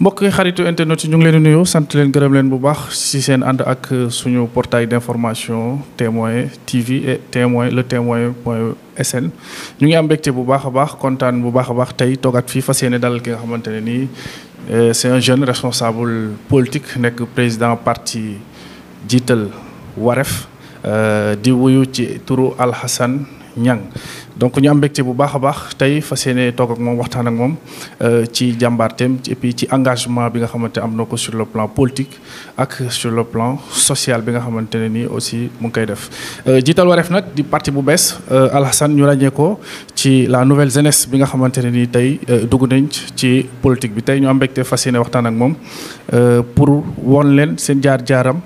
mbokk xaritu internet yi ñu ngi leen di nuyu sant leen gërëm leen bu baax si seen ànd ak suñu portail d'information témoin TV et témoin le témoin point sn ñu ngi am mbégte bu baax a baax kontaan bu baax a baax tey toogaat fii fa yéene dalal ki nga xamante ne nii eh, c'est un jeune responsable politique nekk président parti jiital Waref eh, di wuyu ci turu Alhassane Niang donc ñu am mbégte bu baax a baax tey fas yéene toog ak moom waxtaan ak moom euh, ci jàmbaarteem et puis ci engagement bi nga xamante am na ko sur le plan politique ak sur le plan social bi nga xamante ne nii aussi mu ngi koy def. Euh, jiital wareef nag di parti bu bees euh, Alhassane ñu ràññee ko ci la nouvelle jeunesse bi nga xamante ne nii tey dugg nañ ci politique bi tey ñu am mbégte fas yéene waxtaan ak moom pour won leen seen jaar-jaaram.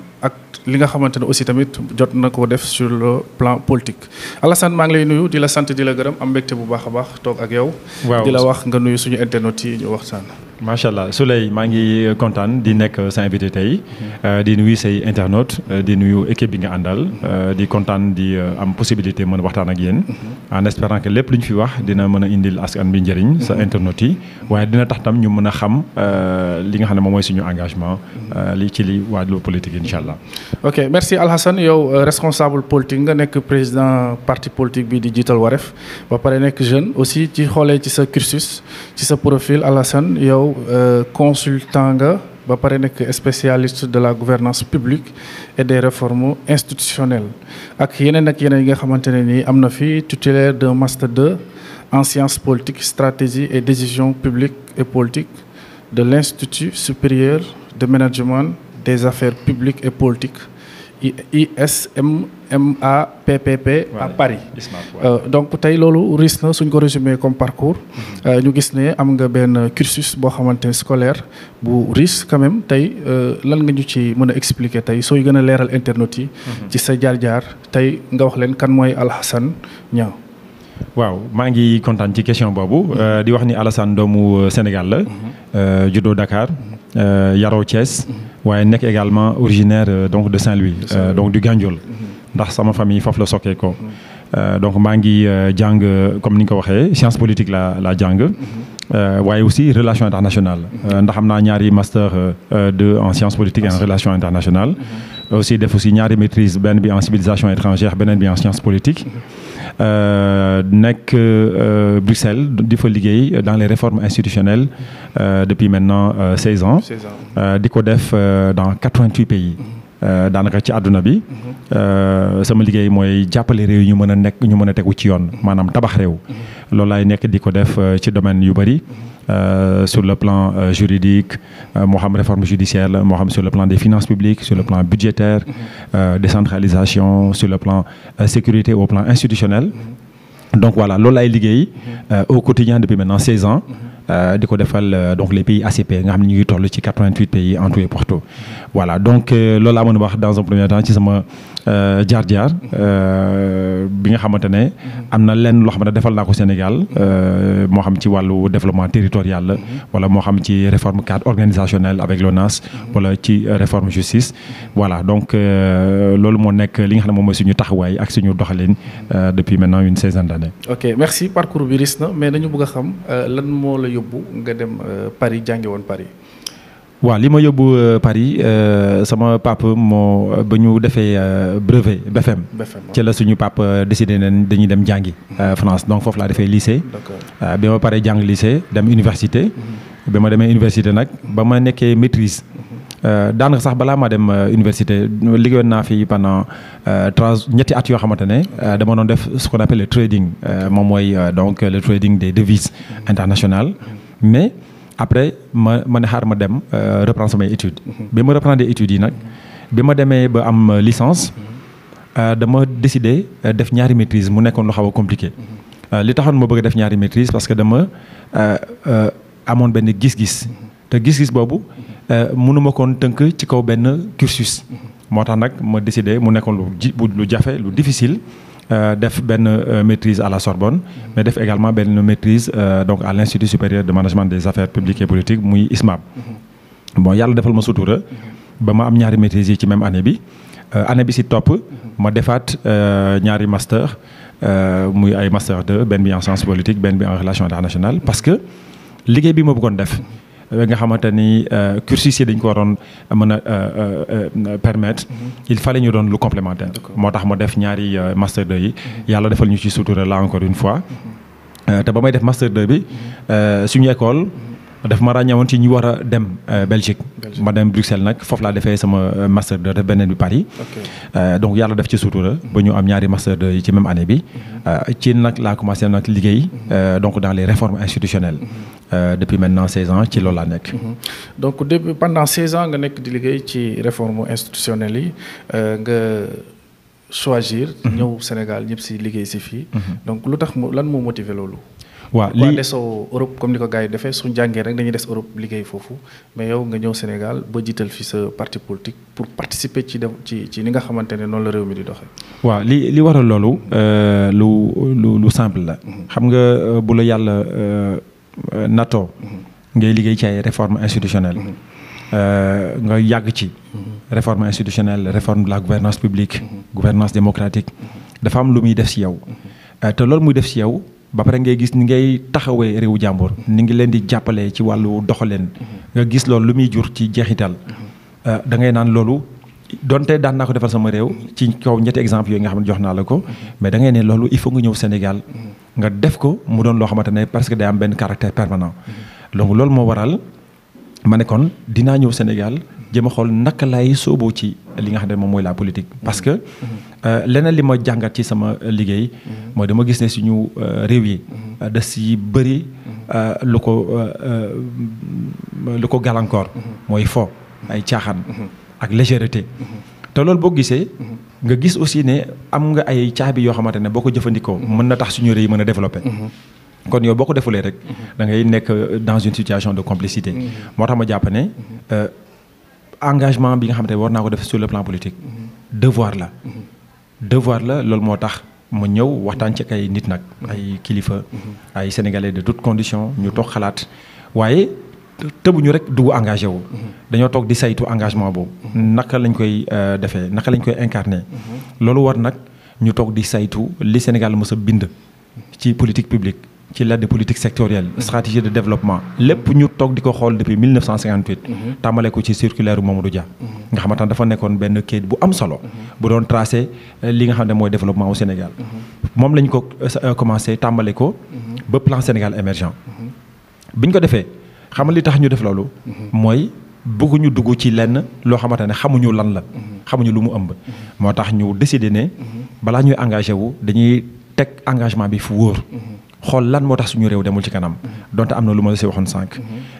li nga xamante ne aussi tamit jot na ko def sur le plan politique Alassane maa ngi lay nuyu di la sant di la gërëm am mbégte bu baax a baax toog ak yow. di la wax nga nuyu suñu internautes yi ñu waxtaan. macha allah Souley maa ngi euh, kontaan di nekk euh, sa invité tey mhm. euh, di nuyu say internautes di nuyu équipe bi nga àndal mhm. di kontaan di am possibilité mën waxtaan ak yéen mhm. en espérant que lépp lu ñu fi wax dina mën a indil askan bi njariñ sa internautes yi waaye dina tax tam ñu mën a xam li nga xam ne moom mooy suñu engagement li ci li waajlu politique incha allah. ok merci Alhassane yow responsable politique nga nekk président parti politique bi di jiital Wareef ba pare nekk jeune aussi ci xoolee ci sa cursus ci sa profil Alhassane yow. yow euh, consultant nga ba pare nekk spécialiste de la gouvernance publique et des réformes institutionnelles ak yeneen ak yeneen yi nga xamante ne nii am na fi titulaire d'un master de en sciences politiques stratégie et décision publique et politique de l'institut supérieur de management des affaires publiques et politiques ISMMAPPP à Paris euh, donc tey loolu RIS na suñ ko résumé comme parcours mhm. euh, ñu gis ne am nga benn cursus boo xamante ne scolaire bu RIS quand même tey euh, lan nga ñu ci mën a expliquer tey sooy gën a leeral internet yi mhm. ci sa jaar-jaar tey nga wax leen kan mooy Alhassane Niang waaw maa ngi kontaan ci question boobu mhm. di wax ni Alassane doomu Sénégal la juddoo Dakar Euh, yaroo Thiès mhm. waaye nekk également originaire euh, donc de euh, Saint-Louis donc du Gandiol mhm. ndax sama famille foofu la sokkee mhm. donc maa ngi jàng comme ni ko waxee science politique la la jàng waaye aussi relation internationale ndax am naa ñaari master de en science politique et en relation internationale aussi def aussi ñaari maîtrise benn bi en civilisation étrangère beneen bi en science politique Euh, nekk euh, Bruxelles di fa liggéey dans les réformes institutionnelles euh, depuis maintenant seize ans. di ko def dans quatre-vingt-huit pays. Euh, daanaka ci àdduna bi euh, sama liggéey mooy jàppale réew ñu mën a nekk ñu mën a tegu ci yoon maanaam tabax réew loolu laay nekk di ko def euh, ci domaine yu bëri sur le plan juridique moo xam réforme judiciaire la moo xam sur le plan des finances publiques sur le plan budgétaire décentralisation sur le plan sécurité au plan institutionnel donc voilà loolu laay liggéey au quotidien depuis maintenant 16 ans Euh, di ko defal euh, donc les pays ACP nga xam ne ñu ngi toll ci 88 pays en tout et voilà donc euh, loolu amoon wax dans un premier temps sama Euh, jaar jaar euh, bi nga xamante ne mhm. am na lenn loo xam ne defal naa ko Sénégal euh, moo xam ci wàllu développement territorial la mhm. wala moo xam ci réforme cadre organisationnel avec l'ONAS mhm. wala ci réforme justice voilà donc loolu moo nekk li nga xam moom mooy suñu taxawaay ak suñu doxalin depuis maintenant une seizaine d'années. ok merci parcours bi ris na mais dañu bëgg xam lan moo la yóbbu nga dem Paris jànge woon Paris. waaw lii ma yóbbu euh, Paris euh, sama papa moo ba ñu defee euh, brevet BFM. ci la suñu papa décidé nañ dañuy dem jàngi. Mm-hmm. France donc foofu laa defee lycée. bi ma paree jàng lycée dem université. Mm-hmm. bi ma demee université nag ba ma nekkee maîtrise. Mm-hmm. daanaka sax balaa ma dem université liggéeyoon naa fi pendant trois ñetti at yoo xamante ne dama doon def ce qu'on appelle le trading moom mooy donc le trading des devises internationales mais. après ma ma ne xaar ma dem euh, reprendre samay études. Mhm. bi ma reprendre études yi nag bi ma demee ba am licence mhm. euh, dama décidé euh, def ñaari maîtrise mu nekkoon lu xaw a compliqué. Mhm. li taxoon ma bëgg def ñaari maîtrise parce que dama amoon benn gis-gis te gis-gis boobu mënuma koon tënk ci kaw benn cursus moo tax nag ma décidé mu nekkoon lu jafe lu difficile. Euh, def benn euh, maîtrise à la Sorbonne mais def également benn maîtrise euh, donc à l'Institut supérieur de management des affaires publiques et politiques muy ISMAP bon yàlla defal ma sutura ba ma am ñaari maîtrise yi ci même année bi année bi si topp ma defaat ñaari master muy ay master 2 benn bi en sciences politiques benn bi en relations internationales parce que liggéey bi ma bëggoon def ba euh, nga xamante ni euh, cursus yi dañ ko waroon euh, mën a permettre mhm. il fallait ñu doon lu complémentaire moo tax ma def ñaari master 2 yi mhm. yàlla defal ñu ci sutura là encore une fois mhm. te ba may def master 2 bi suñu école daf ma ràññewoon ci ñu war a dem Belgique. ma dem Bruxelles nag foofu laa defee sama master 2 def beneen bi Paris. donc yàlla def ci sutura. ba ñu am ñaari master 2 yi ci même année bi. ci nag laa commencé nag liggéey. donc dans les réformes institutionnelles. Euh, depuis maintenant 16 ans ci loolu laa nekk. Mhm. donc depuis pendant 16 ans nga nekk di liggéey ci réforme institutionnelle yi euh, nga choisir. Mhm. ñëw Sénégal ñëpp si liggéey si fii. Mhm. donc lu tax lan moo motiver loolu. waaw li desoo Europe comme ni ko gars yi defee suñu jàngee rek dañuy des Europe liggéey foofu mais yow nga ñëw Sénégal ba jiital fi sa parti politique pour participer ci ci ci ni nga xamante ne noonu la réew mi di doxee. waaw li li waral loolu euh, lu lu lu simple la. xam nga bu la yàlla. Euh, nato ngay liggéey ci ay réforme institutionnelle mhm. euh, nga yàgg ci mhm. réforme institutionnelle réforme de la gouvernance publique mhm. gouvernance démocratique dafa am lu muy def si yow euh, te loolu muy def si yow ba pare ngay gis ni ngay taxawee réewu jàmbur ni ngi leen di jàppale ci wàllu doxaleen nga gis loolu lu muy jur ci jeexital da ngay naan loolu donte daan naa ko defal sama réew ci kaw ñetti exemple yooyu nga xam ne jox naa la ko mais da ngay ne loolu il faut nga ñëw Sénégal nga def ko mu doon loo xamante ne parce que day am benn caractère permanent donc loolu moo waral ma ne kon dinaa ñëw Sénégal jëm a xool naka lay sooboo ci li nga xam ne moom mooy la politique parce que euh, leneen li ma jàngat ci sama liggéey mooy dama gis ne suñu euh, réew yi euh, des yi bëri lu ko lu ko gàllankoor mooy fo ay caaxaan ak légèreté te loolu boo gisee nga gis aussi ne am nga ay caabi yoo xamante ne boo ko jëfandikoo mën na tax suñu réew yi mën a développé kon yow boo ko defulee rek da ngay nekk dans une situation de complicité moo tax ma jàpp ne euh, engagement bi nga xam ne war naa ko def su le plan politique devoir la devoir la loolu moo tax ma ñëw waxtaan ci kay nit nag ay kilifa ay sénégalais de toutes conditions ñu toog xalaat waaye tëbuñu rek dugg engagé wu. dañoo toog di saytu engagement boobu. naka lañ koy euh, defee naka lañ koy incarné. loolu war nag ñu toog di saytu li Sénégal mës a bind. ci politique publique ci la de politique sectorielle. stratégie de développement. lépp ñu toog di ko xool depuis 1958. tàmbale ko ci circulaire Mamadou Dia. nga xamante ne dafa nekkoon benn kayit bu am solo. bu doon tracé euh, li nga xam ne mooy développement au Sénégal. moom lañ ko euh, commencé tàmbale ko. ba plan Sénégal émergent. ko defee. xam nga li tax ñu def loolu. mooy bëgguñu dugg ci lenn loo xamante ne xamuñu lan la. xamuñu lu mu ëmb. moo tax ñu décider ne. balaa ñuy engagé wu dañuy teg engagement bi fu wóor. xool lan moo tax suñu réew demul ci kanam. donte am na lu ma la si waxoon sànq.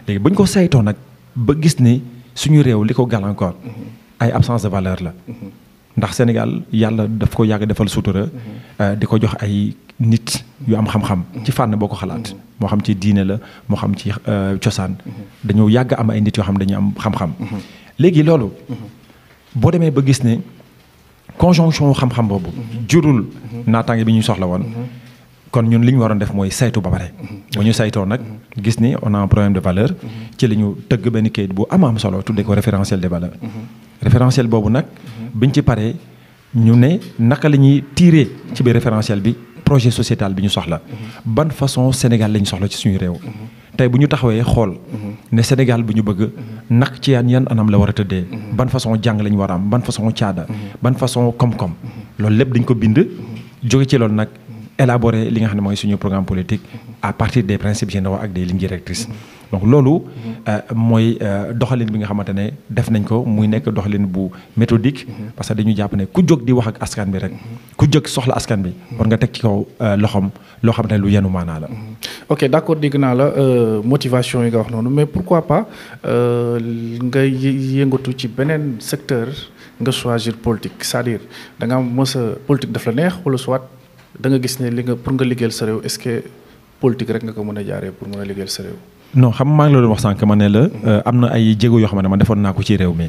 léegi bu ñu ko seytoo nag ba gis ni suñu réew li ko gàllankoor. ay absence de valeur la. ndax Sénégal yàlla daf ko yàgg defal sutura. di ko jox ay nit. yu am xam-xam ci fànn boo ko xalaat moo xam ci diine la moo xam ci euh, cosaan dañoo yàgg am ay nit yoo xam dañu am xam-xam léegi loolu boo demee ba gis ne conjonction xam-xam boobu jurul naataange bi ñu soxla woon kon ñun li ñu waroon def mooy saytu ba pare bu ñu saytoo nag gis ni on a un problème de valeur ci li ñu tëgg benn kayit bu am am solo tuddee ko référentiel de valeurs référentiel boobu nag biñ ci pare ñu ne naka la ñuy tiiree ci biir référentiel bi projet sociétal bi ñu soxla ban façon Sénégal lañu soxla ci suñu réew tey bu ñu taxawee xool ne Sénégal bu ñu bëgg nak ci yan yan anam la war a tëddee ban façon jàng lañu war a am ban façon caada ban façon koom-koom loolu lépp dañ ko bind jóge ci loolu nag élaborer li nga xam ne mooy suñu programme politique à partir des principes généraux ak des lignes directrices donc loolu euh, mooy euh, doxalin bi nga xamante ne def nañ ko muy nekk doxalin bu méthodique parce que dañu jàpp ne ku jóg di wax ak askan bi rek ku jóg soxla askan bi war nga teg ci kaw euh, loxom loo xamante ne lu yenu maanaa la ok d'accord dégg naa la motivation yi nga wax noonu mais pour quoi pas nga yëngatu ci beneen secteur nga choisir politique c'est-à-dire da nga am mos a politique daf la neex wala soit da nga gis ne li nga pour nga liggéeyal sa réew est-ce que politique rek nga ko mën a jaaree pour mën a liggéeyal sa non xam maa ngi la doon wax sànq ma ne la mm-hmm. euh, am na ay jéego yoo xam ne man defoon naa ko ci réew mi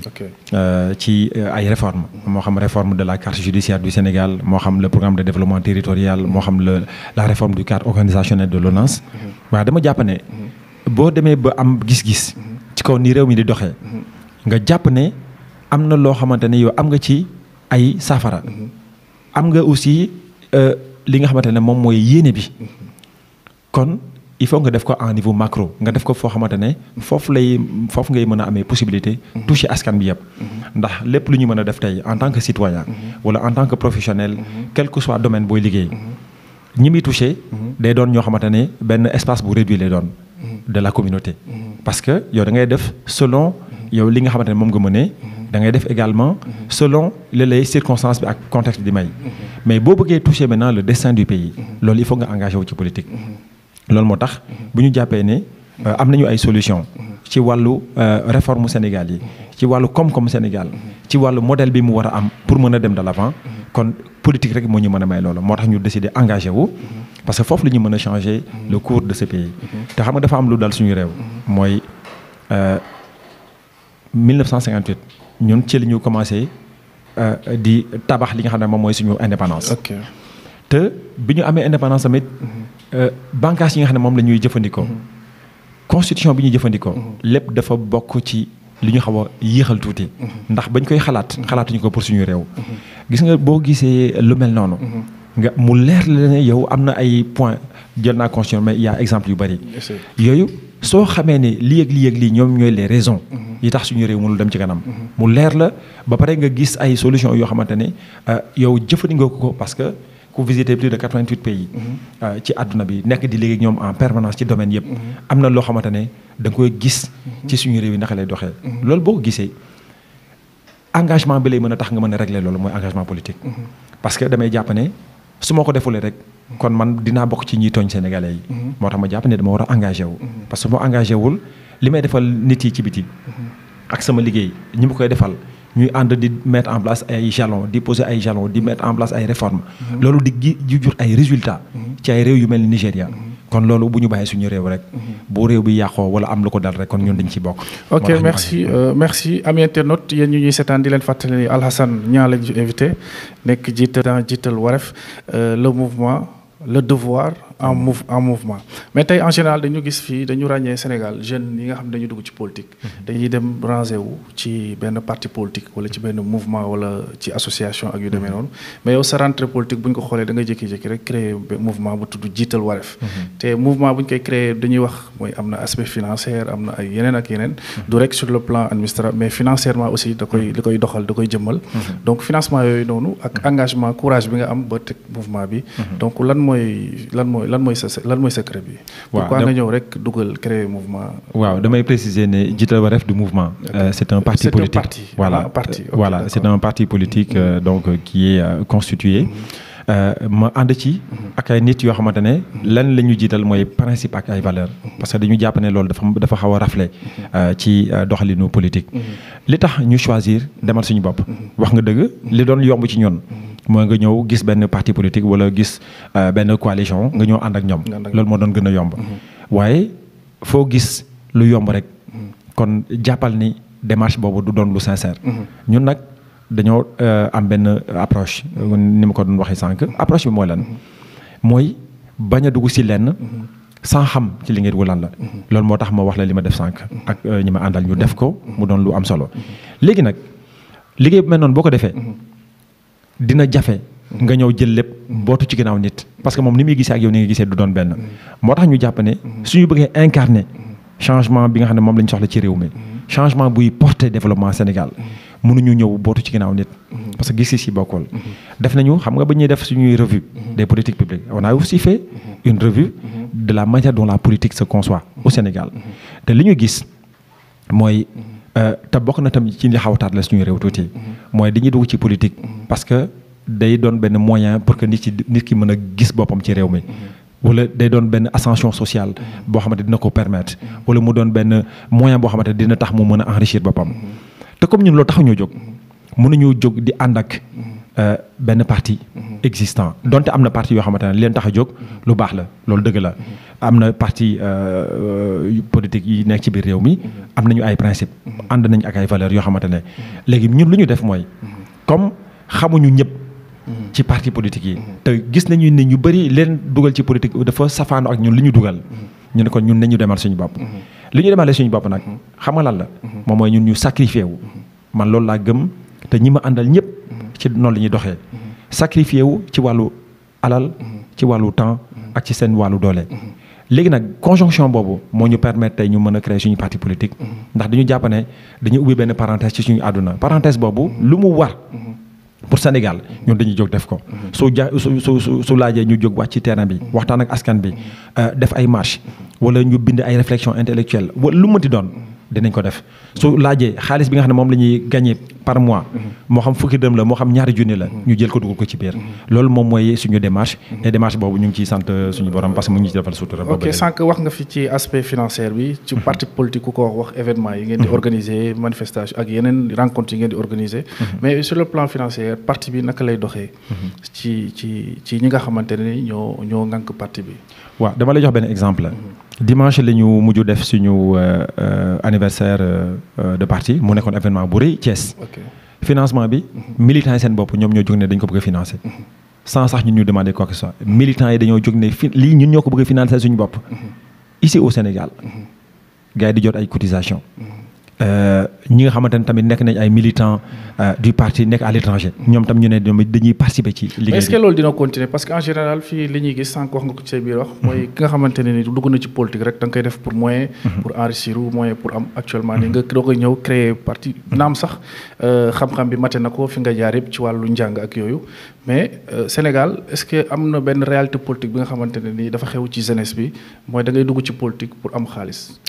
euh, ci euh, ay réforme moo xam réforme de la carte judiciaire du Sénégal moo xam le programme de développement territorial moo xam le la réforme du cadre organisationnel de l'ONAS mm-hmm. waaw dama jàpp ne mm-hmm. boo demee ba am gis-gis ci kaw ni réew mi di doxe nga jàpp ne am na loo xamante ne yow am nga ci ay saafara am nga aussi li nga xamante ne moom mooy yéene bi kon il faut nga def ko en niveau macro nga def ko foo xamante ne foofu lay foofu ngay mën a amee possibilité mhm. toucher askan bi yëpp mhm. ndax lépp lu ñu mën a def tey en tant que citoyen mhm. wala en tant que professionnel quel que soit domaine booy liggéey ñi muy touché day doon ñoo xamante ne benn espace bu réduit lay doon de la communauté parce que yow da ngay def selon yow li nga xamante ne moom nga mënee da ngay def également selon li lay circonstance bi ak contexte boo bëggee toucher maintenant le destin loolu il faut engagé wu ci politique loolu moo tax bu ñu jàppee ne euh, am nañu ay solution ci wàllu euh, réforme Sénégal yi ci wàllu koom-koom Sénégal ci wàllu modèle bi mu war a am pour mën a dem de l'avant kon politique rek moo ñu mën a may loolu moo tax ñu décidé engagé wu parce que foofu la ñu mën a changé le cours de ce pays te xam nga dafa am lu dal suñu réew mooy 1958 euh, ñun ci li ñu commencé di tabax li nga xam ne moom mooy suñu indépendance te bi ñu amee indépendance tamit Euh, bànqaas yi nga xam ne moom lañuy jëfandikoo. Mm-hmm. constitution bi ñuy jëfandikoo. Mm-hmm. lépp dafa bokk ci li ñu xaw a yéexal tuuti. Mm-hmm. ndax bañ koy xalaat xalaatuñu ko pour suñu réew. gis nga boo gisee lu mel noonu. nga mu leer la ne yow am na ay point jël naa constitution mais y a exemple yu bari. yooyu soo xamee ne li ak lii ak lii ñoom ñooy les raisons. yi tax suñu réew mënul dem ci kanam. mu leer la ba pare nga gis ay solution yoo xamante ne euh, yow jëfandikoo ko parce ku visité plus de 88 pays. Mhm. Euh, ci àdduna bi nekk di liggéey ñoom en permanence ci domaine yëpp. Mhm. am na loo xamante ne da koy gis. Mhm. ci suñu réew yi naka lay doxee. loolu boo ko gisee engagement bi lay mën a tax nga mën a régler loolu mooy engagement politique. parce que damay jàpp ne su ma ko defulee rek. kon man dinaa bokk ci ñiy tooñ yi. moo tax ma jàpp ne dama war a engagé parce que su ma wul li may defal nit yi ci biti. ak sama liggéey ñi ma ñuy ànd di mettre en place ay jalons di poser ay jalons di mettre en place ay réformes. Mm-hmm. loolu di di jur ay résultat mm-hmm. ci ay réew yu mel ni Nigéria. Mm-hmm. kon loolu bu ñu bàyyi suñu réew rek. bu réew bi yàqoo wala am lu ko dal rek kon ñun dañ ci bokk. ok merci euh, merci ami internaute yéen ñu ñuy seetaan di leen fàttali Alhassane Niang lañu invité nekk jiital jiital Waref euh, le mouvement le devoir. en mouvement mais tey en général dañu gis fii dañu ràññee Sénégal jeunes yi nga xam ne dañu dugg ci politique. Mhm. dañuy dem ranger wu ci benn parti politique wala ci benn mouvement wala ci association ak yu demee mhm. noonu mais sa rentrée politique bu ko xoolee da nga jékki-jékki rek créer mouvement bu tudd jiital Wareef. Mhm. te mouvement bu ñu koy créer dañuy wax mooy am na aspect financier am na ay yeneen ak yeneen. du rek sur le plan administratif mais financièrement lan mooy sa lan mooy secret bi. waaw pourquoi nga ñëw rek dugal créer mouvement. waaw damay préciser ne jiital Jiitel Wareef du mouvement. c'est un parti politique c'est un parti voilà c'est un parti politique donc euh, qui est euh, constitué. Mm-hmm. Euh, ma ànd ci mm-hmm. ak nit yoo xamante ne mm-hmm. lan la ñu jiital mooy principe ak ay valeur parce que dañu jàpp ne loolu dafa dafa xaw a raflé ci doxalinu politique. li tax ñu choisir demal suñu bopp. wax nga dëgg li doon yomb ci ñoon mooy nga ñëw gis benn parti politique wala gis euh, benn coalition nga ñëw ànd ak ñoom. loolu moo doon gën a yomb. Mm-hmm. waaye foo gis lu yomb rek. Mm-hmm. kon jàppal ni démarche boobu du doon lu sincère. Mm-hmm. ñun nag dañoo euh, am benn approche. ni ma ko doon waxee sànq approche bi mooy lan. mooy bañ a dugg si lenn. sans xam ci li ngeen wulan la. loolu moo tax ma wax la li ma def sànq. ak euh, ñu ma àndal ñu def ko mu doon lu am solo. léegi nag liggéey bi mel noonu boo ko defee. dina jafe nga ñëw jël lépp bootu ci ginnaaw nit parce que moom ni muy gise ak yow ni nga gisee du doon benn moo tax ñu jàpp ne suñu bëggee incarner changement bi nga xam ne moom la ñu soxla ci réew mi changement buy porter développement Sénégal mënuñu ñëw bootu ci ginnaaw nit parce que gis-gis yi bokkul def nañu xam nga ba ñuy def suñuy revue de politiques publiques on a aussi fait une revue de la manière dont la politique se conçoit au Sénégal te li ñu gis mooy Euh, te bokk na tam ci li xaw a taat la suñu réew tuuti. Mm-hmm. mooy dañuy dugg ci politique. Mm-hmm. parce que day doon benn moyen pour que nit ci nit ki mën a gis boppam ci réew mi. Mm-hmm. wala day doon benn ascension sociale boo xamante dina ko permettre wala mu doon benn moyen boo xamante dina tax mu mën a enrichir boppam te comme ñun loolu taxu ñoo jóg mënuñoo jóg di ànd ak euh, benn parti existant donte am na parti yoo xamante ne leen tax a jóg lu baax la loolu dëgg la am na parti euh, euh, politique yi nekk ci biir réew mi mhm. am nañu ay principe mhm. ànd nañ ak ay valeurs yoo xamante ne mhm. léegi ñun lu ñu def mooy comme xamuñu ñëpp ci parti politique yi te gis nañu ne ñu bëri leen dugal ci politique dafa safaano ak ñun li ñu dugal ñu ne kon ñun ñu demal suñu bopp li ñu demalee suñu bopp nag xam nga lan la moom mooy ñun ñu sacrifié wu man loolu laa gëm te ñi ma àndal ñëpp ci noonu la ñuy doxee sacrifié wu ci wàllu alal ci wàllu temps ak ci seen wàllu doole léegi nag conjonction boobu moo ñu permettre tey ñu mën a créer suñu parti politique mhm. ndax dañu jàpp ne dañu ubbi benn parenthèse ci suñu àdduna parenthèse boobu mhm. lu mu war mhm. pour Sénégal ñun dañuy jóg def ko su ja su su su laajee ñu jóg wàcc ci terrain bi waxtaan ak askan bi euh, def ay marche wala ñu bind ay réflexion intellectuelle wala lu mënti doon dinañ ko def su laajee xaalis bi nga xam ne moom la ñuy gagné par mois mhm. moo xam fukki dem la moo xam ñaari junni la mhm. ñu jël ko dugal ko ci biir mhm. loolu moom mooy suñu démarche et démarche boobu ñu ngi ciy sant euh, suñu borom parce que mu ngi ci defal sutura ok sànq wax nga fi ci aspect financier bi ci parti politique ku ko wax wax événement yi ngeen di organiser manifestation ak yeneen rencontre yi ngeen di organiser mais sur le plan financier parti bi naka lay doxee ci ci ci ñi nga xamante ne ñoo ñoo ngànk parti bi waaw dama lay jox benn exemple dimanche la ñu mujj def suñu euh, euh, anniversaire euh, de parti mu nekkoon événement bu rëy Thiès. financement bi. Mhm. militants yi seen bopp ñoom ñoo jóg ne dañ ko bëgg a financer. Mhm. sans sax ñu ñu demander quoi que soit militants yi dañoo jóg ne fi lii ñun ñoo ko bëgg a financer suñu bopp. Mhm. ici au Sénégal. gars di jot ay cotisations. Euh, ñi nga xamante ne tamit nekk nañ ay militants euh, du parti nekk à l'étranger ñoom tam ñu ne ñoom dañuy participer ci liggéey est-ce que loolu dina continuer parce que en général fii li ñuy gis sànq wax nga ko ci mooy mhm. ki nga xamante ne ni dugg na ci politique rek da nga koy def pour moyen mhm. pour enrichir ou moyen pour mhm. nga doo koy ñëw créer parti naam sax euh, xam-xam bi mate na ko fi nga jaar yëpp ci wàllu njàng ak yooyu mais Sénégal est-ce que am na benn réalité politique bi nga xamante ne ni dafa xew ci jeunesse bi mooy da ngay dugg ci politique pour am xaalis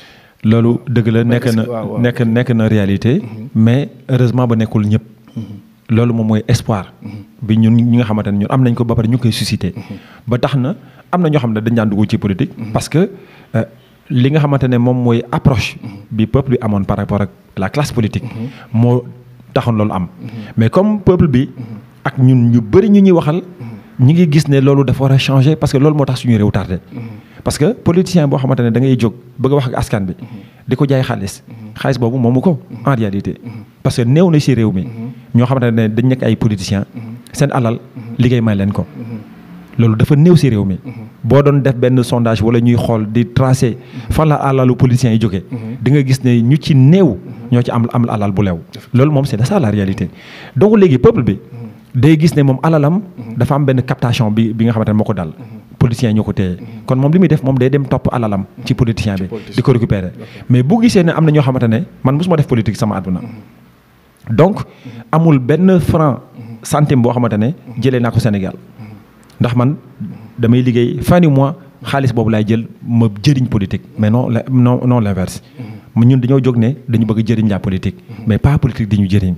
loolu dëgg la nekk na nekk nekk na réalité mhm. mais heureusement ba nekkul ñëpp mhm. loolu moom mooy espoir mhm. bi ñun ñi nga xamante ne ñun am nañ ko ba pare ñu koy suscité ba tax na am na ñoo xam ne dañ daan dugg ci politique parce que euh, li nga xamante ne moom mooy approche bi peuple bi amoon par rapport ak la classe politique moo taxoon loolu am mais comme peuple bi ak ñun ñu bëri ñu ñuy waxal ñi ngi gis ne loolu dafa war a changer parce que loolu moo tax suñu réew tardé parce que politicien boo xamante ne da ngay jóg bëgg a wax ak askan bi di ko jaay xaalis xaalis boobu moom moomu ko en réalité parce que néew na ci réew mi ñoo xamante ne dañ nekk ay politicien seen alal liggéey may leen ko loolu dafa néew si réew mi boo doon def benn sondage walla ñuy xool di tracé fan la alalu politiciens yi jóge di nga gis ne ñu ci néew ñoo ci am am alal bu leew loolu moom seen ça la réalité donc léegi peuple bi day gis ne moom alalam. Mhm. dafa am benn captation bi bi nga xamante ne moo ko dal. Mhm. politicien ñoo ko téye mhm. kon moom li muy def moom day dem topp alalam ci politicien bi di ko récupérer mais bu gisee ne am na ñoo xamante ne man mosuma def politique sama àdduna donc amul benn franc centime boo xamante ne jëlee naa ko Sénégal ndax man damay liggéey fin du mois xaalis boobu laay jël ma jëriñ politique mais non non non l'inverse ñun dañoo jóg ne dañu bëgg jëriñ la politique mais pas politique di ñu jëriñ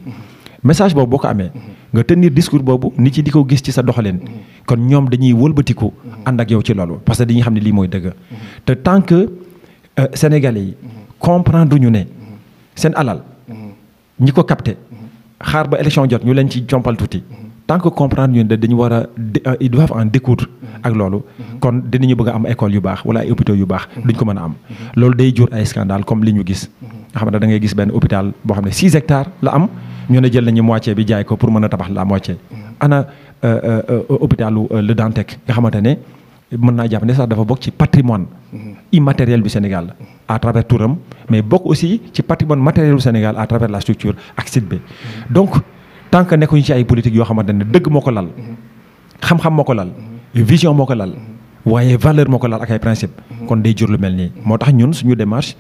message boobu boo ko amee nga tenir discours boobu nit ci di ko gis ci sa doxaleen kon ñoom dañuy wëlbatiku ànd ak yow ci loolu parce que dañuy xam ne lii mooy dëgg te tant que euh, sénégalais yi comprendre ñu ne seen alal ñi ko capté xaar ba élection jot ñu leen ci jompal touti tant que comprendre ñu ne dañu war a euh, ils doivent en découdre ak loolu kon dinañu bëgg a am école yu baax wala ay hôpitaux yu baax duñ ko mën a am loolu day jur ay scandale comme li ñu gis nga xam ne da ngay gis benn hôpital boo xam ne six hectares la am ñu ne jël nañu moitié bi jaay ko pour mën a tabax la moitié. ana euh, euh, euh, hôpitalu Le Dantec nga xamante ne mën naa jàpp ne sax dafa bokk ci patrimoine immatériel du Sénégal à travers turam mais bokk aussi ci patrimoine matériel Sénégal à travers la structure ak site bi donc tant que nekkuñu ci ay politique yoo xamante ne dëgg moo ko lal xam-xam moo ko lal vision moo ko lal waaye valeur moo ko lal ak ay principe kon day jur lu mel nii moo tax ñun suñu démarche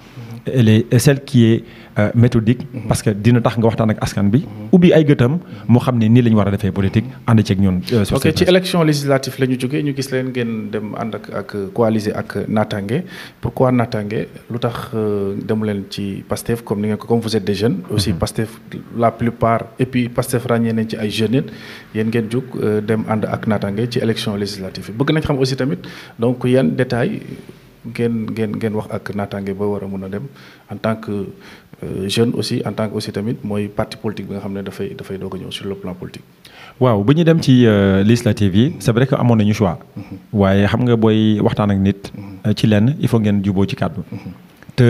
elle est celle qui est euh, méthodique mhm. parce que dina tax nga waxtaan ak askan bi mhm. ubbi ay gëtam moo xam ne nii la ñu war a defee politique ànd ceeg ñoom euh, ok ci élection législative la ñu jógee ñu gis leen ngeen dem ànd ak ak coaliser ak Natangué pourquoi Natangué lu tax euh, demu leen ci Pastef comme ni ngeen ko comme vous êtes des jeunes mhm. aussi Pastef la plupart et puis Pastef ràññee nañ ci ay jeunes yéen ngeen jóg dem ànd ak Natangué ci élection législative bëgg nañ xam aussi tamit donc yan détail ngeen ngeen ngeen wax ak naataange ba war a mun a dem en tant que euh, jeune aussi en tant que aussi tamit mooy parti politique bi nga xam ne dafay dafay doog a ñëw sur le plan politique. waaw bu ñu dem ci euh, législative yi c'est vrai que amoon nañu choix. Mhm. waaye xam nga booy waxtaan ak nit. Mhm. Euh, ci lenn il faut ngeen juboo ci kàddu. Mhm. te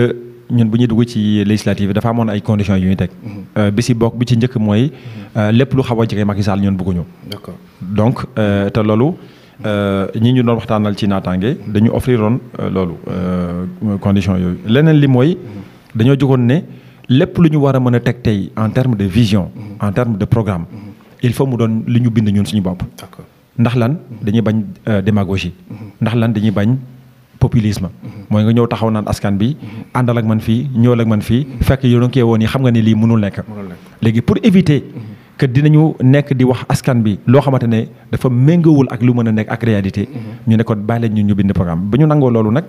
ñun bu ñuy dugg ci législative dafa amoon ay conditions yu ñuy teg. bi si bokk bi ci njëkk mooy. lépp lu xaw a jege Macky Sall ñun bëgguñu. d'accord donc te loolu. Euh, ñi ñu doon waxtaanal ci naataange dañu offriroon euh, loolu euh, condition yooyu leneen li mooy dañoo jogoon ne lépp lu ñu war a mën a teg tey en terme de vision en terme de programme il faut mu doon li ñu bind ñun suñu bopp ndax lan dañuy bañ démagogie ndax lan dañuy bañ populisme mooy nga ñëw taxaw naan askan bi àndal ak man fii ñëwal man fii fekk yoonu kee woon yi xam nga ni lii mënul nekk léegi pour éviter dina ñu nekk di wax askan bi loo xamante ne dafa méngawul ak lu mën a nekk ak réalité. Mhm. ñu ne kon bàyyi ñu ñu bind programme ba ñu nangoo loolu nag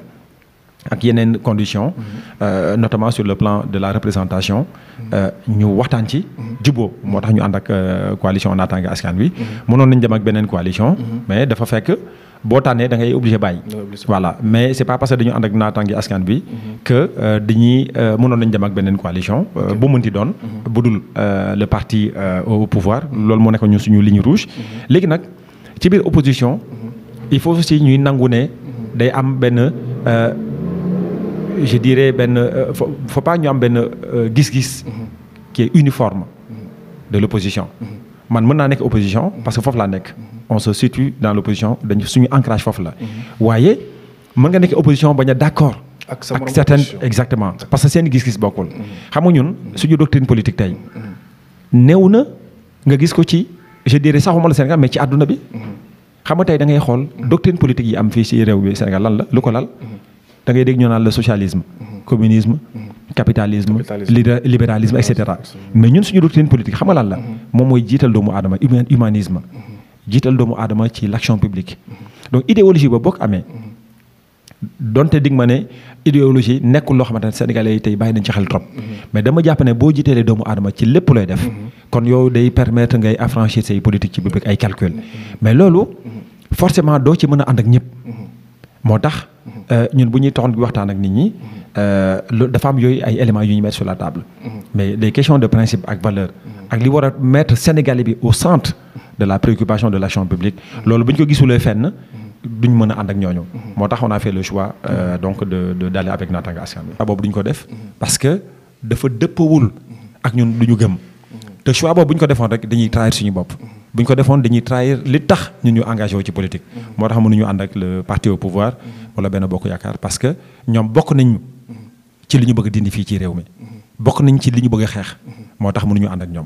ak yeneen conditions. Mhm. Euh, notamment sur le plan de la représentation. Mhm. Euh, ñu waxtaan ci. juboo moo tax ñu ànd ak euh, coalition naataange askan wi. mënoon nañ dem ak beneen coalition. mais dafa fekk. boo tànnee dangay ngay obligé bàyyi. voilà mais c' est pas parce que dañu ànd ak naataangi askan bi. Mm-hmm. que euh, dañuy euh, mënoon nañ dem ak beneen coalition. Euh, bu mënti doon. Mm-hmm. bu dul le parti au pouvoir loolu moo nekk ñu suñu ligne rouge. Mm-hmm. léegi nag ci biir opposition. il faut si ñuy nangu ne. day am benn je dire benn faut pas ñu am benn gis-gis. qui est uniforme. de l' opposition. man mën naa nekk opposition parce que foofu laa nekk. on se situe dans l' opposition dañu suñu ancrage foofu la. waaye ma nga nekk opposition bañ a d' accord. ak certaine exactement parce que seen gis-gis bokkul. Mhm. xam nga ñun mhm. suñu doctrine politique tey mhm. néew na nga gis ko ci je dirais sax waxuma la Sénégal mais ci àdduna bi. xam nga tey da ngay xool doctrine politique yi am fii si réew bi Sénégal lan la lu ko lal da ngay dégg ñoo naan le socialisme. communisme. capitalisme libéralisme et cetera. mais ñun suñu doctrine politique xam nga lan la moom mooy jiital doomu aadama humanisme. jiital doomu aadama ci l' action publique donc idéologie ba bokk amee donte dig ma ne idéologie nekkul loo xamante ne sénégalais yi tey bàyyi nañ ci xel trop mais dama jàpp ne boo jiitelee doomu aadama ci lépp looy def kon yow day permettre ngay affranchir say politique ci publique ay calcul mais loolu forcément doo ci mën a ànd ak ñëpp moo tax euh, ñun bu ñuy toxoon gi waxtaan ak nit ñi euh, loolu dafa am yooyu ay éléments yu ñu mettre sur la table mais les questions de de la préoccupation de l'action publique loolu bu ñu ko gisulee fenn duñ mën a ànd ak ñooñu moo tax on a fait le choix euh, donc de de avec Naataangué Askan Wi boobu duñ ko def parce que dafa dëppawul ak ñun du ñu gëm te choix boobu buñ ko defoon rek dañuy trahir suñu bopp bu ko defoon dañuy trahir li tax ñun ñu engagé wu ci politique moo tax mënuñu ànd ak le parti au pouvoir wala benn bokk yaakaar parce que ñoom bokk nañu ci li ñu bëgg dindi fii ci réew mi bokk nañ ci li ñu bëgg a xeex moo tax mënuñu ànd ak ñoom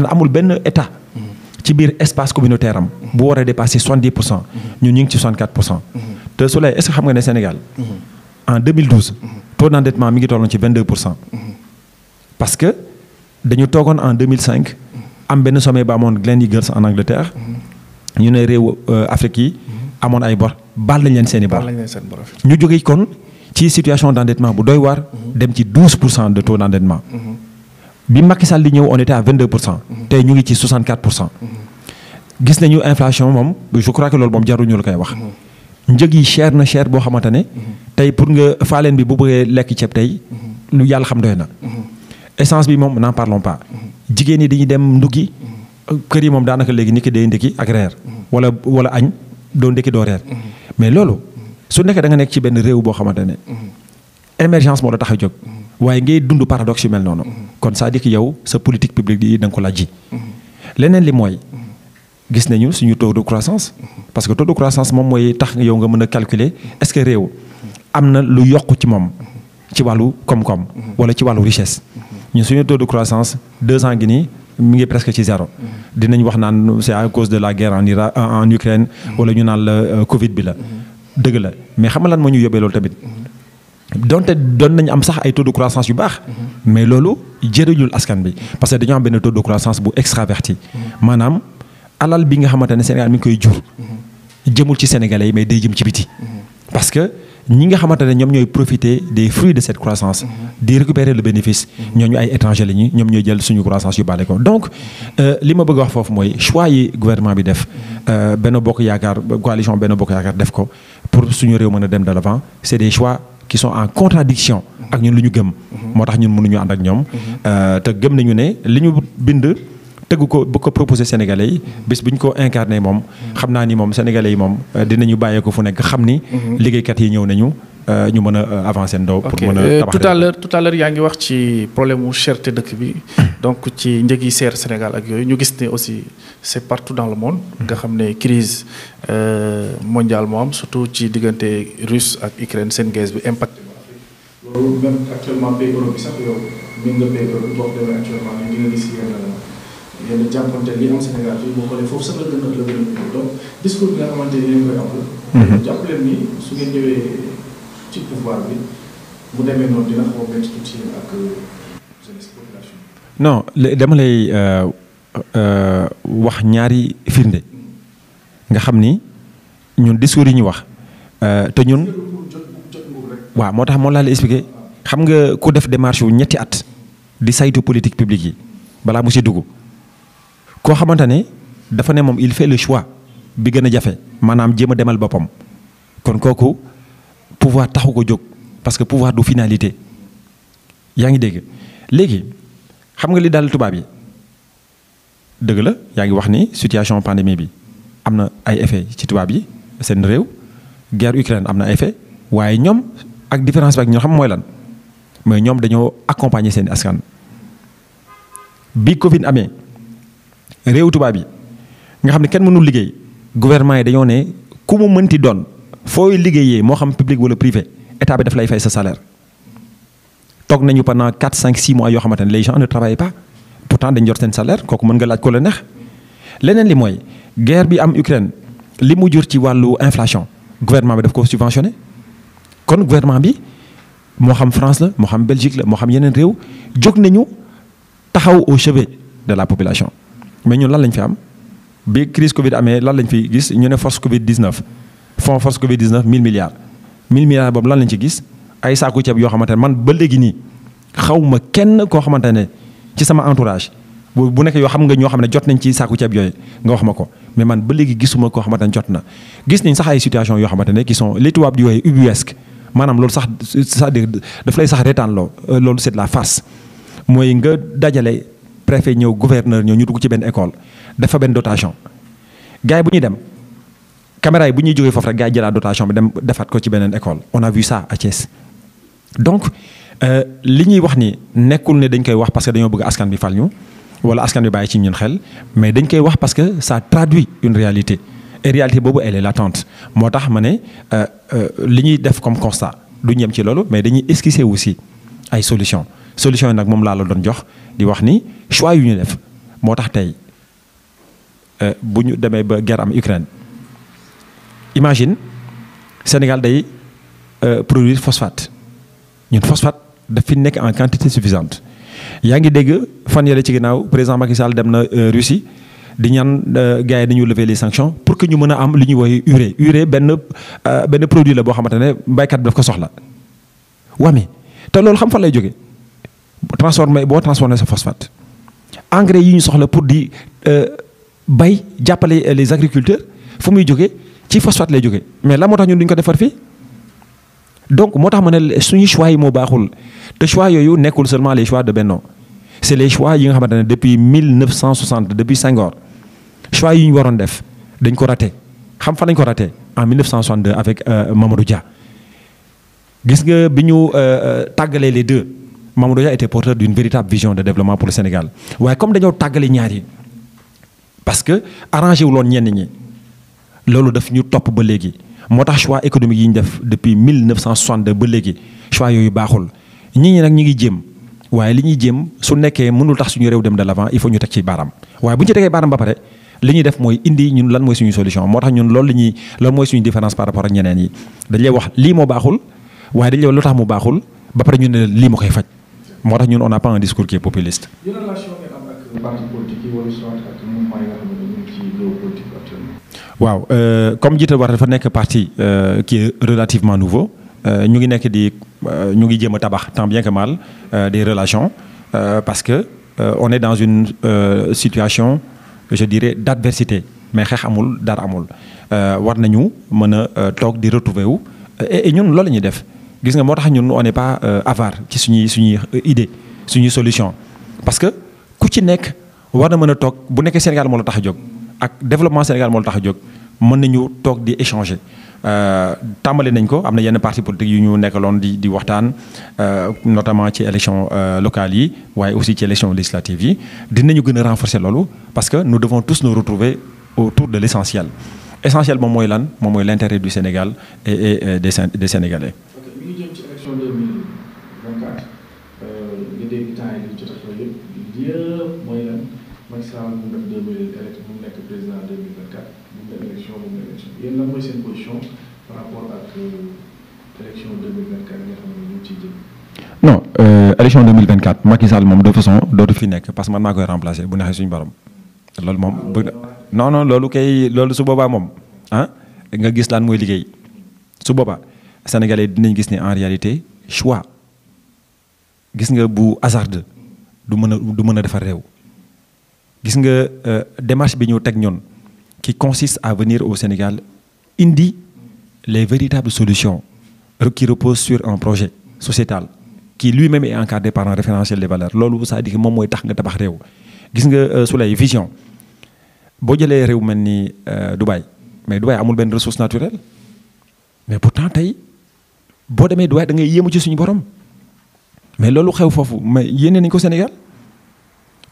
amul benn état. ci biir espace communautaire am. bu war a dépasser soixante dix pour cent. ñun ñu ngi ci soixante quatre pour cent. te su lay est que xam nga ne Sénégal. en 2012. taux d' endettement mi ngi tolloon ci vingt deux pour am benn sommet ba amoon Glen Eagles en Angleterre. ñu ne réew euh, Afrique yi. amoon ay bor baal lañ leen seen i bor. ñu jógee kon ci situation d' bu doy waar. dem ci douze pour cent de taux bi Macky Sall di ñëw on était à 22 pour cent. Mhm. tey ñu ngi ci 64 pour cent. Mhm. gis nañu inflation moom je crois que loolu moom jaruñu la koy wax. Mhm. njëg yi cher na cher boo xamante ne. tey pour nga faaleen bi bu bëggee lekk ceeb tey. lu yàlla xam doy na. essence bi moom n'en parlons pas. jigéen ñi dañuy dem nduggi. kër yi moom daanaka léegi nit ki day ndékki ak reer. wala wala añ doo ndékki doo reer. mais loolu su nekkee da nga nekk ci benn réew boo xamante ne. émergence moo la tax a jóg. waaye ngay dund paradoxe yu mel noonu. kon c'est-à-dire que sa politique publique yi da nga ko laaj ji. leneen li mooy. gis nañu suñu taux de croissance. parce que taux de croissance moom mooy tax yow nga mën a calculer est-ce que réew am na lu yokk ci moom. ci wàllu koom-koom. wala ci wàllu richesse. ñu suñu taux de croissance deux ans gi nii mu ngi presque ci zéro. dinañ wax naan c'est à cause de la guerre en Irak en wala ñu naan la euh, Covid bi la. dëgg la mais xam nga lan moo ñu yóbbee loolu tamit. donte doon nañu am sax ay taux de croissance yu baax mais loolu jëriñul askan bi parce que dañoo am benn taux de croissance bu extraverti maanaam alal bi nga xamante ne Sénégal mi ngi koy jur jëmul ci sénégalais mais day jëm ci biti parce que ñi nga xamante ne ñoom ñooy profiter des fruits de cette croissance di récupérer le bénéfice ñooñu ay étranger la ñu ñoom ñooy jël suñu croissance yu bàle ko donc euh, li ma bëgg wax foofu mooy choix yi gouvernement bi def euh, Benno Bokk Yaakaar coalition Benno Bokk Yaakaar def ko pour suñu réew mën a dem de l'avant c'est des ci sont en contradiction ak ñun lu ñu gëm. moo tax ñun mënuñu ànd ak ñoom. Euh, te gëm nañu ne li ñu bind. tëgg ko bu ko proposé Sénégalais yi bis bu ñu ko incarné moom xam naa ni moom Sénégalais yi moom euh, dinañu bàyyee ko fu nekk xam ni mhm. liggéeykat yi ñëw nañu ñu mën a euh, avancer ndaw. pour mën euh, yaa ngi wax ci problème mu cherté dëkk bi. Hmm. donc ci njëg yi seer Sénégal ak yooyu ñu gis ne aussi c'est partout dans le monde. Hmm. nga xam ne crise euh, mondial moo surtout ci diggante russe ak Ukraine seen gaz bi impact. bi sax yow foofu sax la gën la gën a donc discours bi nga xamante ni hmm. su ngeen ñëwee. ci pouvoir bi mu non dama euh, euh, wax ñaari firnde nga xam ni ñun discours yu ñu wax euh, te ñun. waaw moo tax moom laa lay expliqué xam nga ku def démarche wu ñetti at di saytu politique publique yi balaa mu si dugg koo xamante ne dafa ne moom il fait le choix bi gën a jafe maanaam jéem a demal boppam kon kooku. pouvoir taxu ko jóg parce que pouvoir du finalité yaa ngi dégg léegi xam nga li daal tubaab yi dëgg la yaa ngi wax ni situation pandémie bi am na ay effet ci tubaab yi seen réew guerre Ukraine am na ay effet waaye ñoom ak différence bi ak ñoo xam mooy lan mais ñoom dañoo accompagner seen askan bi Covid amee réew tubaab yi nga xam ne kenn mënul liggéey gouvernement yi dañoo ne ku mu mënti doon fooy liggéeyee moo xam public wala privé état bi daf lay fay sa salaire toog nañu pendant 4 cinq 6 mois yoo xamante ne les gens ne travaillent pas pourtant dañ yor seen salaire kooku mën nga laaj ko la neex leneen li mooy guerre bi am Ukraine li mu jur ci wàllu inflation gouvernement bi daf ko subventionné kon gouvernement bi moo xam France la moo xam Belgique la moo xam yeneen réew jóg nañu taxaw au chevet de la population mais ñu lan lañ fi am bi crise Covid amee lan lañ fi gis ñu ne force Covid 19. fonds force Covid 19 1000 milliards 1000 milliards boobu lan lañ ci gis ay saaku ceeb yoo xamante ne man ba léegi nii xaw kenn koo xamante ne ci sama entourage bu bu nekk yoo xam nga ñoo xam ne jot nañ ci saaku ceeb yooyu nga wax ma ko mais man ba léegi gisuma koo xamante jot na. gis nañ sax ay situation yoo xamante ne qui sont les tubaab di yooyu ubuesque maanaam loolu sax c'est-à-dire daf lay sax reetaan loo euh, loolu c'est la farce mooy nga dajale préfet ñëw gouverneur ñëw ñu dugg ci benn école dafa benn dotation gars yi bu ñuy dem. caméra yi bu ñuy jógee foofu rek gars yi dotation bi dem defaat ko ci beneen école on a vu ça à Thiès donc euh, li ñuy wax ni nekkul ne dañ koy wax parce que dañoo bëgg askan bi fal ñu wala askan bi bàyyi ci ñun xel mais dañ koy wax parce que ça traduit une réalité et réalité boobu elle la latente moo tax ma ne euh, euh, li ñuy def comme constat du ñem ci loolu mais dañuy esquisser aussi ay solution solution yi nag moom laa la doon jox di wax ni choix yu ñu def moo tax tey bu demee ba guerre am imagine Sénégal day euh, produire phosphate ñun phosphate daf fi nekk en quantité suffisante yaa ngi dégg fan yële ci ginnaaw président Macky Sall dem na euh, Russie di ñaan euh, gars yi dañu lever les sanctions pour que ñu mën a am li ñuy woowee urée ure benn benn produit la boo xamante ne baykat bi ko soxla wami te loolu xam fan lay jóge transformé boo transformé sa phosphate engrais yi ñu soxla pour di bay jàppale les agriculteurs fu muy jóge ci phosphate lay jóge mais la moo tax ñun duñ ko defar fii donc moo tax ma ne suñu choix yi moo baaxul te choix yooyu nekkul seulement les choix de Benno c'est les choix yi nga xamante ne depuis 1960 depuis Senghor choix yi ñu waroon def dañ ko raté xam fa nañ ko raté en 1962 avec euh, Mamadou Dia gis nga bi ñu euh, euh, tàggalee les deux Mamadou Dia était porteur d'une véritable vision de développement pour le Sénégal waaye comme dañoo tàggalee ñaar yi parce que arrangé wuloon ñenn ñi. loolu def ñu topp ba léegi moo tax choix économique yi ñu def depuis mille cent 1962 ba léegi choix yooyu baaxul ñi ñi nag ñu ngi jéem waaye li ñuy jéem su nekkee mënul tax suñu réew dem de l'avant il faut ñu teg ci baaraam waaye bu ñu ci tegee baaraam ba pare li ñuy def mooy indi ñun lan mooy suñu solution moo tax ñun loolu la ñuy loolu mooy suñu différence par rapport ak ñeneen yi dañ wax lii moo baaxul waaye dañ lay lu tax mu baaxul ba pare ñu ne lii ma koy faj moo tax ñun on n'a pas un discours qui est populiste. waaw euh, comme Jiitel War dafa nekk parti euh, qui est relativement nouveau euh, ñu ngi nekk di ñu ngi jéem a tabax tant bien que mal des relations parce que on est dans une situation je dirais d'adversité mais xeex amul dara amul war nañu mën a toog di retrouver wu et ñun loolu la ñuy def gis nga moo tax ñun on n'est pas avare ci suñuy suñuy idée suñuy solution parce que ku ci nekk war na mën a toog bu nekkee Sénégal moo la tax a jóg ak développement Sénégal moo tax a jóg mën nañu toog di échanger euh, tàmbali nañ ko am na yenn parti politique yu ñu nekkaloon di di waxtaan euh, notamment ci élection euh, locale yi waaye aussi ci élection législative yi dinañu gën a renforcer loolu parce que nous devons tous nous retrouver autour de l' essentiel essentiel moom mooy lan moom mooy l' intérêt du Sénégal et et des des yéen lan mooy seen position par euh, élection 2024 moom de façon dootu fi nekk parce que man maa koy remplacer bu neexee suñu borom loolu moom. Ah, bëgg non non loolu kay loolu su boobaa moom ah nga gis laan mooy liggéey su boobaa sénégalais dinañ gis ni en réalité choix gis nga bu hasard du mën a du mën a defar réew. gis nga euh, démarche bi ñu teg ñoon qui consiste à venir au Sénégal indi les véritables solutions qui reposent sur un projet sociétal qui lui-même est encadré par un référentiel des valeurs loolu c'est-à-dire moom mooy tax nga tabax réew gis nga euh, su lay vision boo jëlee réew mel ni euh, Dubaï mais Dubaï amul benn ressource naturelle mais temps tey boo demee Dubaï da ngay yéemu ci suñu borom mais loolu xew foofu mais yéene nañ ko Sénégal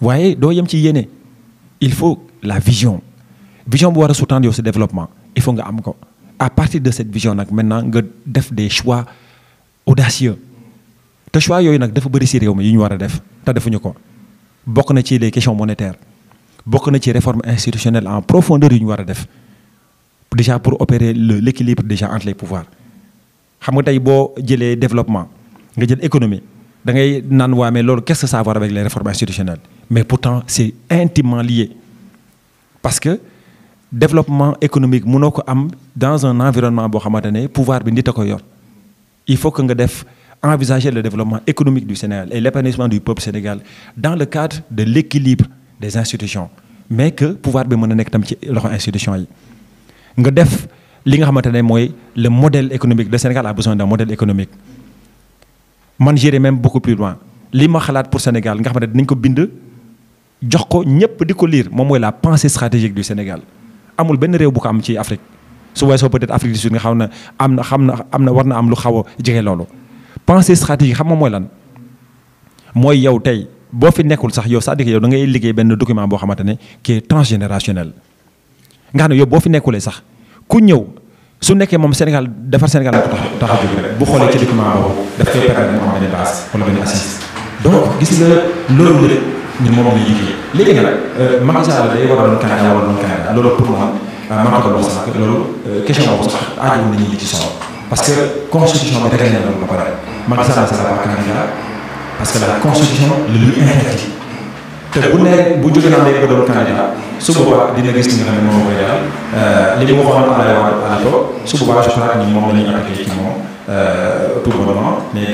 waaye doo yem ci yéene il faut la vision vision bu war a sous yow si développement il nga am ko à partir de cette vision nag maintenant nga def des choix audacieux te choix yooyu nag dafa bëri si réew mi yu ñu war a def te defuñu ko bokk na ci les question monétaires bokk na ci réforme institutionnelle en profondeur yu ñu war a def déjà pour opérer le l'équilibre déjà entre les pouvoirs xam nga tey boo jëlee développement nga jël économie da ngay naan waamee loolu qu'est-ce que ça a à voir avec les réformes institutionnelles mais pourtant c'est intimement développement économique mënoo ko am dans un environnement boo xamante ne pouvoir bi nit a ko yor il faut que nga def envisager le développement économique du Sénégal et l'épanouissement du peuple sénégal dans le cadre de l'équilibre des institutions mais que pouvoir bi mën a nekk tam ci loxo institution yi nga def li nga xamante ne mooy le modèle économique le Sénégal a besoin d'un modèle économique man j'irai même beaucoup plus loin li ma xalaat pour Sénégal nga xamante ne dinañ ko bind jox ko ñëpp di ko lire moom mooy la pensée stratégique du Sénégal amul benn réew bu ko am ci Afrique su weesoo peut-être Afrique du Sud nga xam ne am na xam na am na war na am lu xaw a jege loolu. pensée stratégique xam nga mooy lan mooy yow tey boo fi nekkul sax yow c'est-à-dire yow da ngay liggéey benn document boo xamante ne qui est transgénérationnel nga xam ne yow boo fi nekkulee sax ku ñëw su nekkee moom Sénégal defar Sénégal la ko tax a jóg rek bu xoolee ci document boobu daf koy permettre mu am benn base wala benn assise donc gis ñun moom la ñuy léegi nag euh, Macky Sall day war a doon candidat wala doon candidat loolu pour man maa ko sax loolu euh, question boobu sax aaju nañu li ci solo parce que constitution bi réglé na loolu ba pare Macky Sall sera pas candidat la constitution le lui interdit dina gis li nga xam ne moom daal euh, li ma waxoon Abdoulaye Wade à l'époque su boobaa je crois que moom la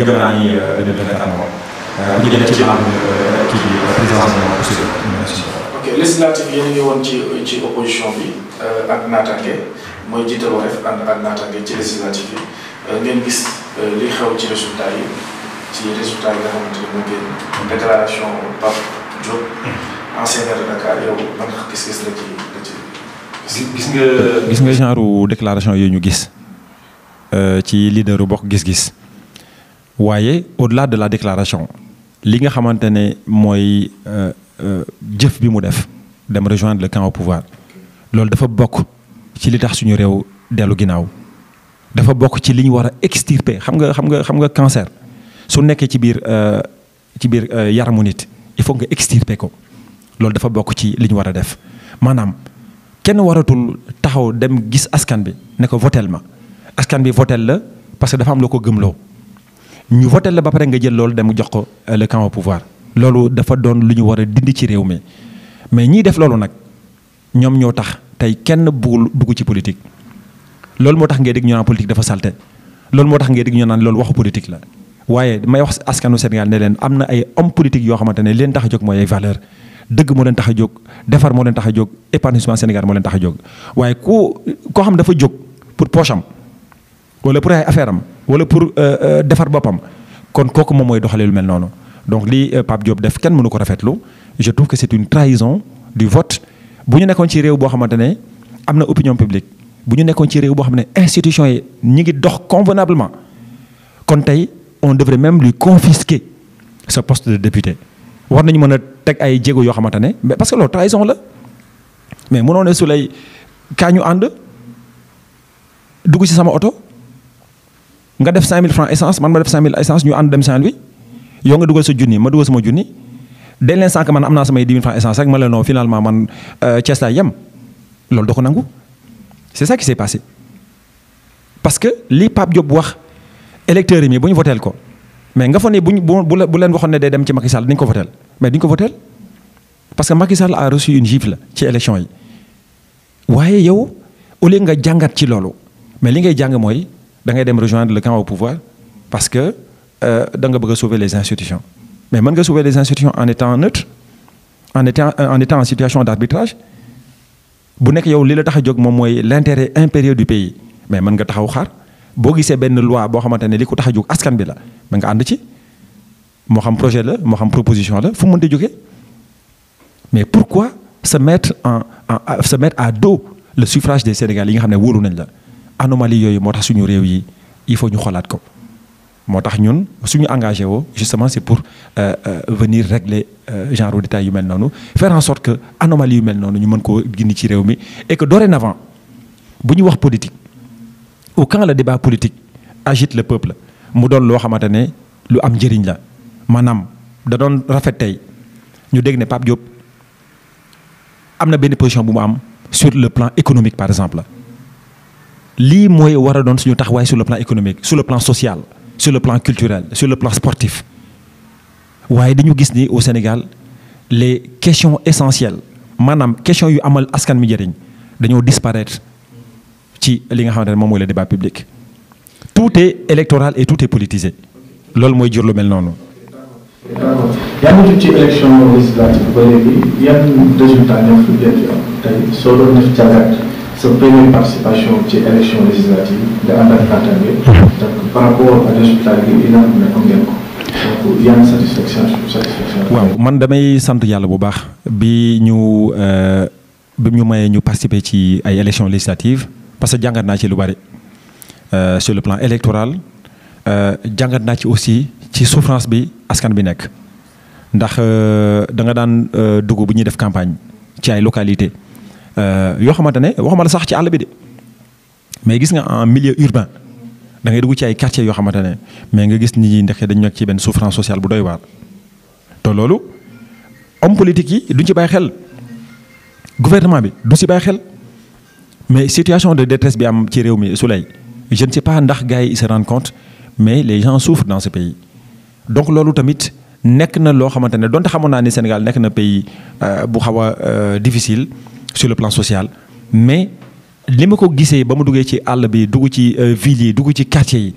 ñuy moom Euh, ñu dem ci maanaam euh, kii bi euh, woon ci opposition bi ak naataange mooy jiitaloo def ànd ak naataange ci législative yi ngeen gis li xew ci résultat yi ci résultat yi nga xamante mu génn déclaration Pape Diop. Mm. ancien maire Dakar yow ban gis-gis la gis gis nga genre déclaration yooyu gis ci leaderu bokk gis-gis waaye au de la déclaration li nga xamante ne mooy euh, euh, jëf bi mu def dem rejoindre le camp au pouvoir loolu dafa bokk ci li tax suñu réew dellu ginnaaw dafa bokk ci li ñu war a extirper xam nga xam nga xam nga cancer su nekkee ci biir euh, ci biir yaramu nit il faut nga extirper ko loolu dafa bokk ci li ñu war a def maanaam kenn waratul taxaw dem gis askan bi ne ko votel ma askan bi votel la parce que dafa am loo ko gëmloo ñu voté la ba pare nga jël loolu dem jox ko euh, le camp pouvoir loolu dafa doon lu ñu war a dindi ci réew mi mais ñiy def loolu nag ñoom ñoo tax tey kenn buggul dugg ci politique loolu moo tax ngay dégg ñu naan politique dafa salte loolu moo tax ngay dégg ñu loolu waxu politique la waaye may wax askanu Sénégal ne leen am na ay homme politique yoo xamante ne leen tax a jóg mooy ay valeur dëgg moo leen tax a jóg defar moo leen tax a jóg épanouissement Sénégal moo leen tax a jóg waaye ku koo xam dafa jóg pour poche am wala pour ay affaire am wala pour euh, euh, defar boppam kon kooku moom mooy doxalee lu mel noonu donc lii euh, pap Diop def kenn mënu ko rafetlu je trouve que c'est une trahison du vote bu ñu nekkoon ci réew boo xamante ne am na opinion publique bu ñu nekkoon ci réew boo xam ne institution yi ñu ngi dox convenablement kon tey on devrait même lui confisquer ce poste de député war nañu mën a teg ay jéego yoo xamante ne mais parce que loolu trahison la mais mënoo ne su lay kaa ñu ànd dugg ci sama oto. nga def 5000 francs essence man ma def 5000 essence ñu ànd dem Saint-Louis yow nga dugal sa junni ma dugal sama junni dañ leen sànq francs essence rek ma leen finalement man euh, Thiès laay loolu doo ko nangu c'est ça qui s'est passé parce que li Pape Diop wax électeurs yi bu ñu voteel ko mais nga fa ne bu ñu bu leen waxoon ne day dem ci Macky Sall dañ ko voteel mais duñ ko voteel parce que Macky Sall a reçu une la ci élection yi waaye yow au lieu nga jàngat ci loolu mais li ngay jàng mooy. da ngay dem rejoindre le camp au pouvoir parce que euh, da nga bëgg a sauver les institutions mais mën nga sauver les institutions en étant neutre en étant euh, en étant en situation d' arbitrage bu nekk yow li la tax a jóg moom mooy l' intérêt impérieux du pays mais mën nga taxaw xaar boo gisee benn loi boo xamante ne li ko tax a jóg askan bi la mën nga ànd ci moo xam projet la moo xam proposition la fu mu mënti jógee mais pourquoi se mettre en en se mettre à dos le suffrage des Sénégalais yi nga xam ne wóolu nañ la. anomalie yooyu moo tax suñu réew yi il faut ñu xoolaat ko moo tax ñun suñu engagé woo justement c'est pour euh, euh, venir régler euh, genre détail yu mel noonu faire en sorte que anomalie yu mel noonu ñu mën koo gindi ci réew mi et que dorénavant bu ñu wax politique ou quand le débat politique agite le peuple mu doon loo xamante ne lu am njëriñ la maanaam da doon rafet tey ñu dégg ne Pape Diop am na benn position bu mu am sur le plan économique par exemple lii mooy wara doon suñu taxawaay sur le plan économique sur le plan social sur le plan culturel sur le plan sportif waaye dañu gis ni au Sénégal les questions essentielles maanaam questions yu amal askan mi njëriñ dañoo disparaître ci li nga xamante ne moom mooy la débat public tout est électoral et toute est politisé loolu mooy jur lu mel noonu. sa participation ci élection législative nga ànd ak mhm. par rapport ak résultat yi yi nga ko. waaw man damay sant yàlla bu baax bi ñu euh, bi ñu mayee ñu participer ci ay élection législative parce que jàngat naa ci lu bari euh, sur le plan électoral euh, jàngat naa ci aussi ci souffrance bi askan bi nekk ndax da nga daan dugg bu ñuy def campagne ci ay localité Euh, yoo xamante ne waxuma la sax ci àll bi de mais gis nga en milieu urbain da ngay dugg ci ay quartier yoo xamante ne mais nga gis nit ñi ndax dañu nekk ci benn souffrance sociale bu doy waar. te loolu homme politique yi duñ ci bàyyi xel gouvernement bi du si bàyyi xel mais situation de détresse bi am ci réew mi su lay je ne pas ndax gars yi se rendent compte mais les gens souffrent dans ce pays donc loolu tamit. nekk na loo xamante ne donte xamoon naa ni Sénégal nekk na pays euh, bu xaw a euh, difficile sur le plan social mais li ma ko gisee ba ma duggee ci àll bi dugg ci euh, ville yi dugg ci quartier yi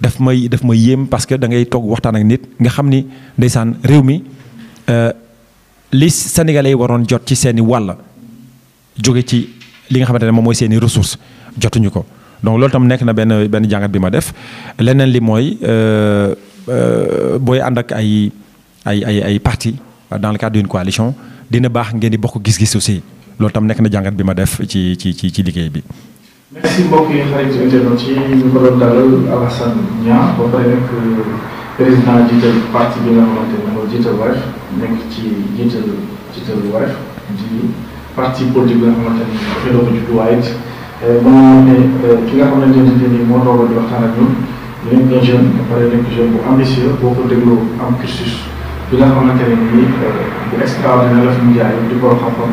daf may daf may yéem parce que da ngay toog waxtaan ak nit nga xam ni ndeysaan réew mi euh, li Sénégalais yi waroon jot ci seeni wàll jóge ci li nga xamante ne moom mooy seeni ressources jotuñu ko donc loolu tam nekk na benn benn jàngat bi ma def leneen li mooy euh, booy ànd ak ay ay ay ay parti dans le cadre d'une coalition dina baax ngeen di bokk gis-gis aussi. loolu tam nekk na jàngat bi ma def ci ci ci ci liggéey bi. merci mbokk yi xarit internet yi ñu ko doon dalal Alassane Niang ba nekk président jiital parti bi nga xamante ne mooy jiital Walf nekk ci jiital jiital Walf di parti politique bi nga na ko judduwaay it mën naa ne eh, eh, ki nga moo toogal di waxtaan ak ñun nekk jeune ba pare nekk boo ko dégloo am cursus. bi nga xamante ne nii bu extraordinaire la fi mu jaay di ko xam-xam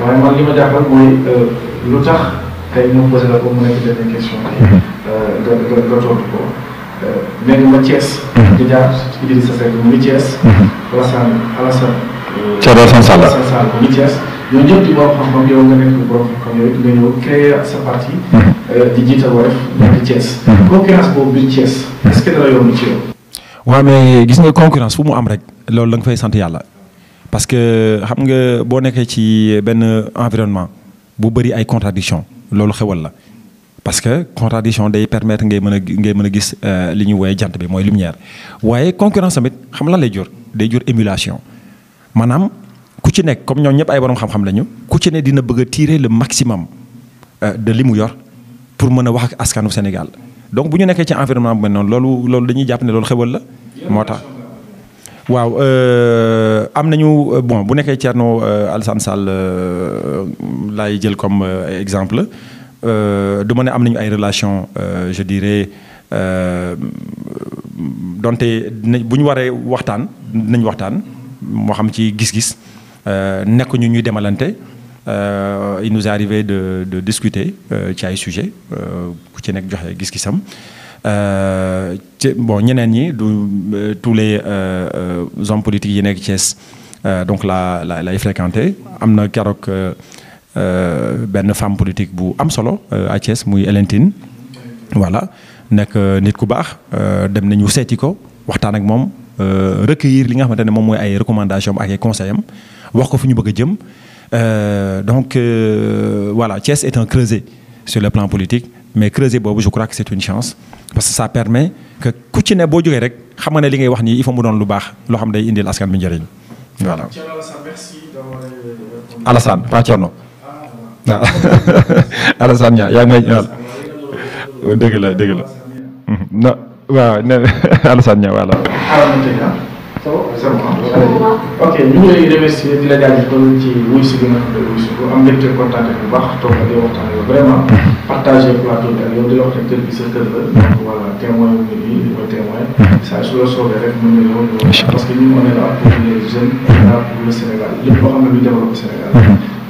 waaye man li ma jàppal mooy euh, lu tax tey ñoom posé la ko mu nekk benn question mhm. euh, nga nga nga tontu ko nekk euh, nga Thiès. Mhm. di jaar Idrissa Seck mu ngi Thiès. Mhm. Alassane Alassane. Thierno Alassane Sall Alassane Sall mu ngi Thiès. ñooñu ñëpp di borom xam-xam yow nga nekk borom xam-xam yow nga ñëw créer sa parti. di jiital Walf nekk Thiès. concurrence boobu biir Thiès. est-ce que dara yomb ci yow. waaw mais gis nga concurrence fu mu am rek loolu la nga fay sant yàlla parce que xam nga boo nekkee ci benn environnement bu bëri ay contradiction loolu xewal la parce que contradiction day permettre ngay mën a ngay mën a gis euh, li ñuy woowee jant bi mooy lumière waaye concurrence tamit xam lan lay jur day jur émulation maanaam ku ci nekk comme ñoom ñëpp ay borom xam-xam lañu ku ci ne dina bëgg a tirer le maximum euh, de li mu yor pour mën a wax ak askanu Sénégal donc bu ñu nekkee ci environnement bu mel noonu loolu loolu dañuy jàpp ne loolu xewal la moo tax. waaw euh, am nañu euh, bon bu nekkee Thierno euh, Alassane Sall lay jël comme exemple du ma ne am nañu ay relation je dirais donte bu ñu waree waxtaan dinañ waxtaan moo xam ci gis-gis nekk ñu ñuy demalante. Euh, il nous est arrivé de de discuter euh, ci ay sujet euh, ku ci nekk joxe gis-gisam ci bon ñeneen ñi du tous les hommes politiques yi nekk Thiès donc la la lay fréquenté am na keroog benn femme politique bu am solo à Thiès muy Hélène Tine voilà nekk nit ku baax dem nañu seeti ko waxtaan ak moom recueillir li nga xamante ne moom mooy ay recommandation am ak ay conseils wax ko fu ñu bëgg a jëm. Euh, donc euh, voilà Thiès est un creuset sur le plan politique mais creuset boobu je crois que c'est une chance parce que ça permet que ku ci ne boo jógee rek xam nga ne li ngay wax nii il faut mu doon lu baax loo xam day indil askan bi njëriñ voilà. Alassane euh, pas Thierno waaw ah, yaa ngi may ñëwaat la dëgg la non waaw Alassane Niang ok ñu ngi lay remercier di la jaajëfal ci wuy si bi nga xam ne wuy si bu am mbégte kontaan bu baax toog ak yow waxtaan yow vraiment partager plateau bi ak yow di la wax ne kër bi sa kër la donc voilà témoin wu ñu nii di ko témoin saa su la soobee rek mën nga ñëw parce que ñu on est là pour les jeunes là pour le Sénégal lépp loo xam ne luy développé Sénégal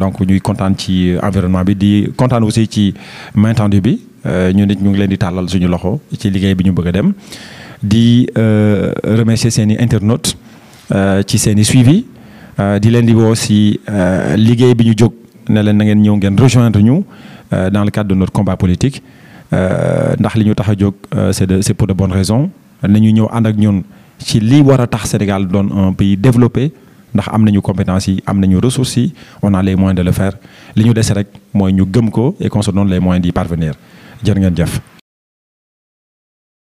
donc ñuy kontaan ci euh, environnement bi di kontaan aussi ci main tendue bi euh, ñu nit ñu ngi leen di tàllal suñu loxo ci liggéey bi ñu bëgg a dem di euh, remercier seen i internautes ci seen i suivi di leen di woo si liggéey bi ñu jóg ne leen na ngeen ñëw ngeen rejoindre ñu dans le cadre de notre combat politique ndax li ñu tax a jóg c'est de c'est pour de bonnes raisons nañu ñëw ànd ak ñun ci li war a tax Sénégal doon un pays développé ndax am nañu compétence yi am nañu ressources yi on a les moyens de le faire li ñu dese rek mooy ñu gëm ko et qu'on se donne les moyens d'y parvenir jërë ngeen jëf